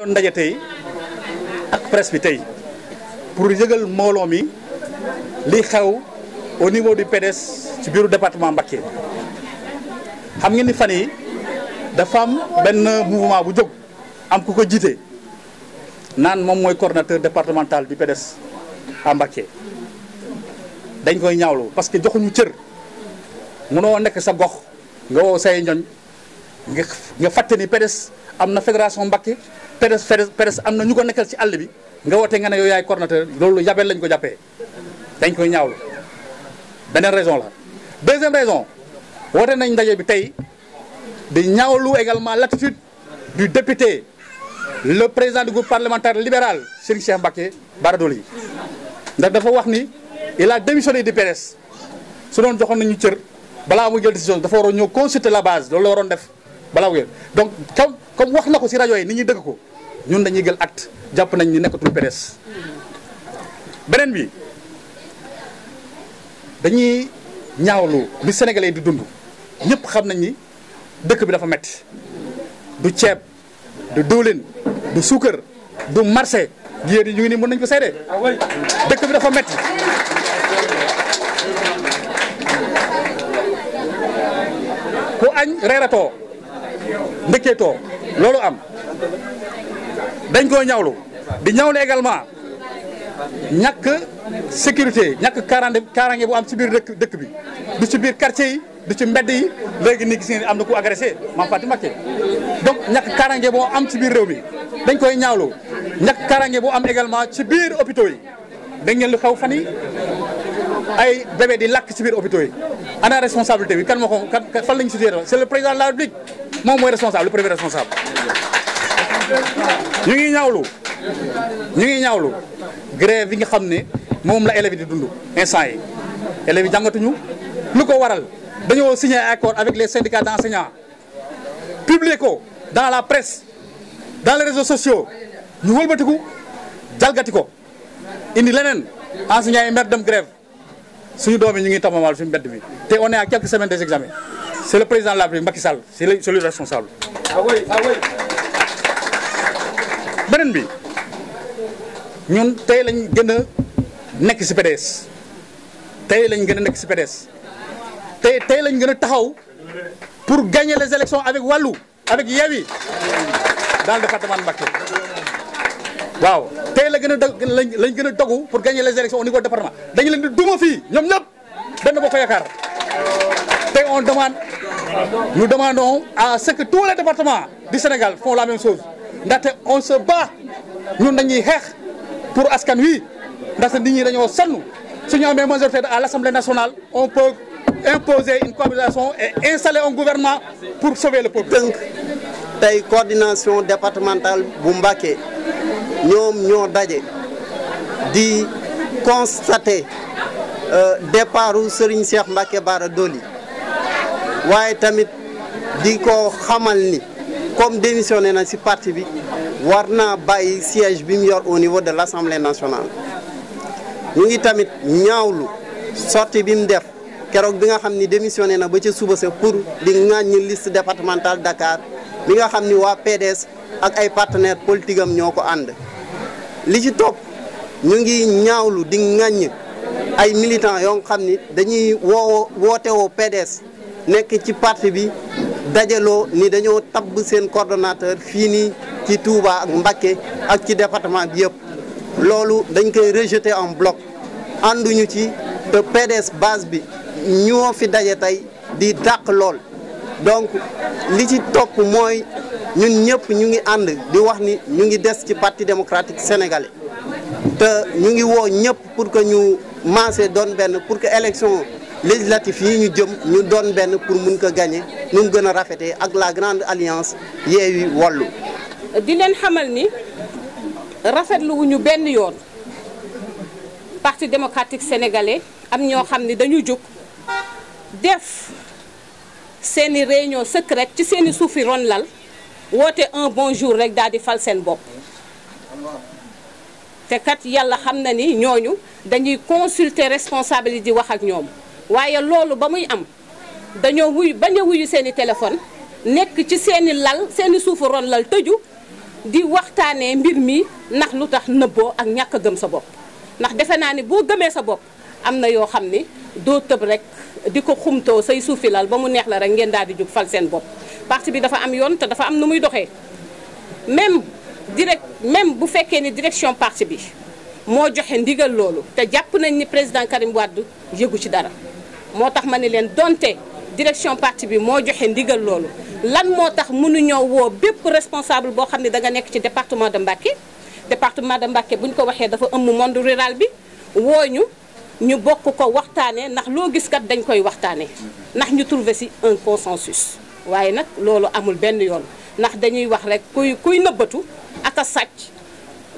doon ndaje tey ak presse bi tey pour yëgal mbooloo mi li xew au niveau du PDS ci biiru département Mbacké xam ngeen ni fan yi dafa am benn mouvement bu jóg am ku ko jiite naan moom mooy coordonnateur départemental bi PDS à Mbacké dañ koy ñaawlu parce que joxuñu cër mënoo nekk sa gox nga woo say ñoñ nga nga fàtte ni PDS am na fédération Mbacké PDS PDS am na ñu ko nekkal ci àll bi nga woote nga ne yow yaay coordonnateur loolu yabel lañ ko jàppee dañ koy ñaawlu beneen raison la. deuxième raison woote nañ ndaje bi tey di ñaawlu également l'attitude du député le président du groupe parlementaire libéral Serigne Cheikh Mbacké Bara Dolly ndax dafa wax ni la a démissionné du PDS su doon joxoon nañu cër balaa mu jël décision dafa waroon ñëw consulter la base loolu la def. balaa wér donc comme comme wax na ko si rajo yi nit ñi dëgg ko ñun dañuy gël at jàpp nañ ni nekkatul PDS beneen bi dañuy ñaawlu bi sénégalais di dund ñëpp xam nañ ni dëkk bi dafa metti du ceeb du diwlin du suukar du marché yéen yi ñu ngi nii mën nañu ko seede dëkk bi dafa metti ku añ reeratoo ndëkkeetoo loolu am dañ koo ñawlu di ñawlu également ñàkk sécurité ñàkk kaaraange kaaraange bu am ci biir dëkk dëkk bi di ci biir quartier yi di ci mbedd yi léegi nii gis ngeen am na ku agressé Mame Fatou Mbacké donc ñàkk kaaraange boo am ci biir réew mi dañ koy ñaawlu ñàkk kaaraange boo am également ci biir hôpitaux yi dañ ngeen lu xaw fan yi ay bébé di lakk ci biir yi ana responsabilité bi kan moo ko kan fan lañ situé c'est le président de la République moom mooy responsable le premier responsable. ñu ngi ñaawlu ñu ngi ñaawlu grève yi nga xam ne moom la élèves di dund instant yi élèves yi jàngatuñu lu ko waral dañoo signé accord avec les syndicats d'enseignants publié ko dans la presse dans les réseaux sociaux ñu wëlbatiku jalgati ko indi leneen enseignants yi mer dem grève suñu doom yi ñu ngi taxawal suñu mbedd bi te on est à quelques semaines des examens. C'est le président de la République Macky Sall c'est le c'est le responsable. Ah ah beneen bi ñun tey lañ gën a nekk ci PDS tey lañ gën a nekk ci PDS tey tey lañ gën a taxaw pour gagner les élections avec Wallu avec Yewwi dans le département de Mbacké waaw tey la gën a lañ gën a dogu pour gagner les élections au niveau département dañu leen di duma fii ñoom ñëpp benn boo ko yaakaar. Et on demande, nous demandons à ce que tous les départements du Sénégal font la même chose. ndaxte on se bat ñun dañuy xeex pour askan wi ndaxte nit ñi dañoo sonn su ñu amee majorité à l'Assemblée nationale on peut imposer une cohabitation et installer un gouvernement pour sauver le peuple. tënk tey coordination départementale bu mbake ñoom ñoo daje di constater euh, départu Serigne Cheikh Mbacké Bara Dolly waaye tamit di ko xamal ni comme démissionné na si parti bi war naa bàyyi siège bi mu yor au niveau de l'Assemblée nationale ñu ngi tamit ñaawlu sorti bi mu def keroog bi nga xam ni démissionné na ba ca suba sa pour di ŋàññi list départementale Dakar bi nga xam ni waa PDS ak ay partenaires politiques am ñoo ko ànd li ci topp ñu ngi ñaawlu di ŋàññ ay militants yoo xam ni dañuy woo wootewoo PDS nekk ci parti bi dajaloo ni dañoo tabb seen coordonnateur fii nii ci Touba ak Mbacké ak ci département bi yëpp loolu dañ koy rejeter en bloc ànduñu ci te PDS base bi ñoo fi daje tey di dàq lool donc li ci topp mooy ñun ñëpp ñu ngi ànd di wax ni ñu ngi des ci parti démocratique sénégalais te ñu ngi woo ñëpp pour que ñu maase doon benn pour que élection législatif yi ñu jëm ñu doon benn pour mun ko gagné nu mu gën a rafetee ak la grande alliance Yewwi Wallu di leen xamal ni rafetlu wuñu benn yoon parti démocratique sénégalais am ñoo xam ni dañu jóg def seeni réunion secrète ci seeni suufi ron lal woote un bonjour rek daal di fal seen bopp te kat yàlla xam na ni ñooñu dañuy consulter responsable yi di wax ak ñoom waaye loolu ba muy am dañoo wuy bañ wuyu seen i téléphone nekk ci seeni i lal seen i suufu ron lal tëju di waxtaanee mbir mi ndax lu tax nëbboo ak ñàkk gëm sa bopp ndax defe naa ni boo gëmee sa bopp am na yoo xam ni doo tëb rek di ko xumtoo say suufi lal ba mu neex la rek ngeen daal di jug fal seen bopp parti bi dafa am yoon te dafa am nu muy doxee même direk même bu fekkee ni direction parti bi moo joxe ndigal loolu te jàpp nañ ni président Karim Wade yëgu ci dara moo tax ma ni leen donte direction parti bi moo joxe ndigal loolu lan moo tax ñëw woo bépp responsable boo xam ne danga nekk ci département de Mbacké département de Mbacké bu ñu ko waxee dafa ëmb monde rural bi woo ñu ñu bokk ko waxtaanee ndax loo gis kat dañ koy waxtaanee ndax ñu trouver ci un consensus waaye nag loolu amul benn yoon ndax dañuy wax rek kuy kuy nëbbatu ak a sàcc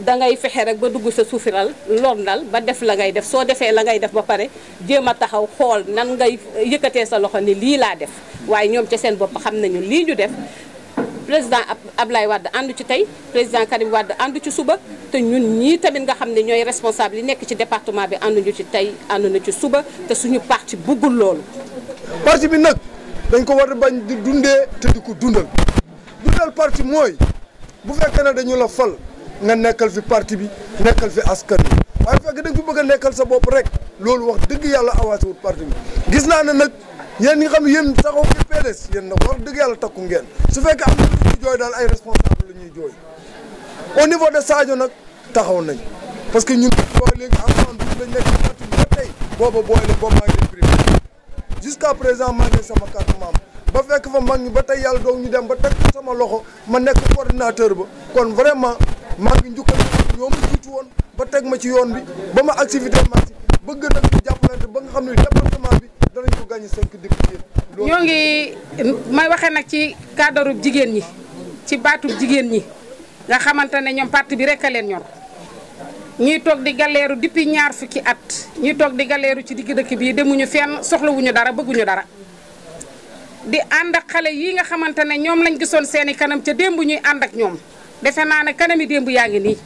da ngay fexe rek ba dugg sa suufiral londal ba def la ngay def soo defee la ngay def ba pare jéem a taxaw xool nan ngay yëkkatee sa loxo ni lii laa def waaye ñoom ca seen bopp xam nañu lii ñu def président ab Ablaye wadd ànd ci tey président Karim Wade ànd ci suba te ñun ñii tamit nga xam ne ñooy responsable yi nekk ci département bi ànduñu ci tey ànd na ci suba te suñu parti buggul loolu parti bi nag dañ ko war a bañ di dundee te di ko dundal dundal dañu la fal nga nekkal fi parti bi nekkal fi askan bi waaye fekk da nga bëgg a nekkal sa bopp rek loolu wax dëgg yàlla avancé wut parti bi gis naa ne nag yéen ñi xam yéen taxaw fi PDS yéen nag wax dëgg yàlla takku ngeen su fekkee am na lu jooy daal ay responsable la ñuy jooy au niveau de Sadio nag taxaw nañ parce que ñun boo léegi en tout lañ nekk parti bi ba tey booba booy la boobu maa ngi privé jusqu'à présent maa ngi sama carte membre ba fekk fa mag ba tey yàlla doog ñu dem ba teg sama loxo ma nekk coordinateur ba maa ngi njukkal ñoo ma woon ba teg ma ci yoon bi ba ma activité maa ci bëgg nag ñu jàppalante ba nga xam ne département bi danañ ko gàññi cinq dëkk yéen ngi may nag ci cadre jigéen ñi ci baatub jigéen ñi nga xamante ne ñoom parti bi rek a leen ñor ñuy toog di galeeru depuis ñaar fukki at ñuy toog di galeeru ci digg dëkk bii demuñu fenn soxlawuñu dara bëgguñu dara di ànd ak xale yi nga xamante ne ñoom lañ gisoon seeni kanam ca démb ñuy ànd ak ñoom defe naa ne kanami démb bu ngi nii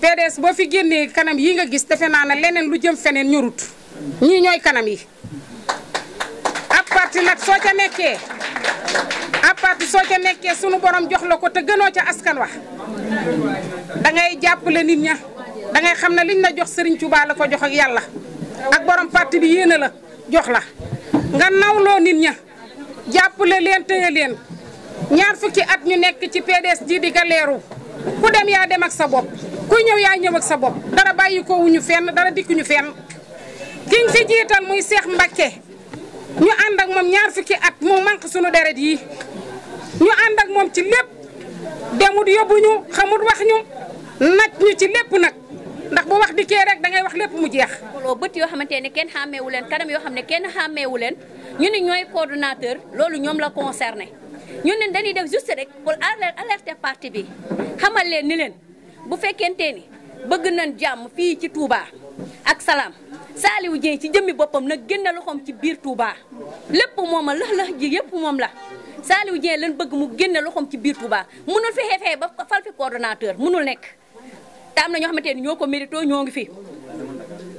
PDS ba fi génnee kanam yi nga gis defe naa ne leneen lu jëm feneen ñorut ñii ñooy kanam yi ab parti nag soo ca nekkee ab parti soo ca nekkee sunu borom jox la ko te gënoo ca askan wax dangay jàpple nit ña dangay xam ne liñ la jox Sëriñ Tuubaa la ko jox ak yàlla ak borom parti bi yéene la jox la nga nawloo nit ña jàppale leen téye leen ñaar fukki at ñu nekk ci pedes jii di galeeru ku dem yaa dem ak sa bopp ku ñëw yaa ñëw ak sa bopp dara bàyyi ko wuñu fenn dara dikkuñu fenn kiñ fi jiital muy Seex Mbakke ñu ànd ak moom ñaar fukki at mu manq suñu deret yi ñu ànd moom ci lépp demut yóbbuñu xamut wax ñu naj ñu ci lépp nag ndax bu wax dikkee rek da ngay wax lépp mu jeex. bët yoo xamante ne kenn xàmmeewu leen kanam yoo xam ne kenn xàmmeewu leen. ñu ni ñooy coordonnateur loolu ñoom la concerné ñu ne dañuy def juste rek pour alerter parti bi xamal leen ni leen bu fekkente ni bëgg nañ jàmm fii ci Touba ak salaam Saliou Dieng ci jëmmi boppam nag génne loxoom ci biir Touba lépp moom a lax lax ji yëpp moom la Saliou Dieng lan bëgg mu génne loxoom ci biir Touba munul fexe fexe ba fal fi coordonnateur munul nekk tam am na ñoo xamante ni ñoo ko mérito ñoo ngi fi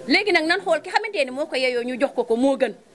léegi nag nan xool ki xamante ni moo ko yeyoo ñu jox ko ko moo gën.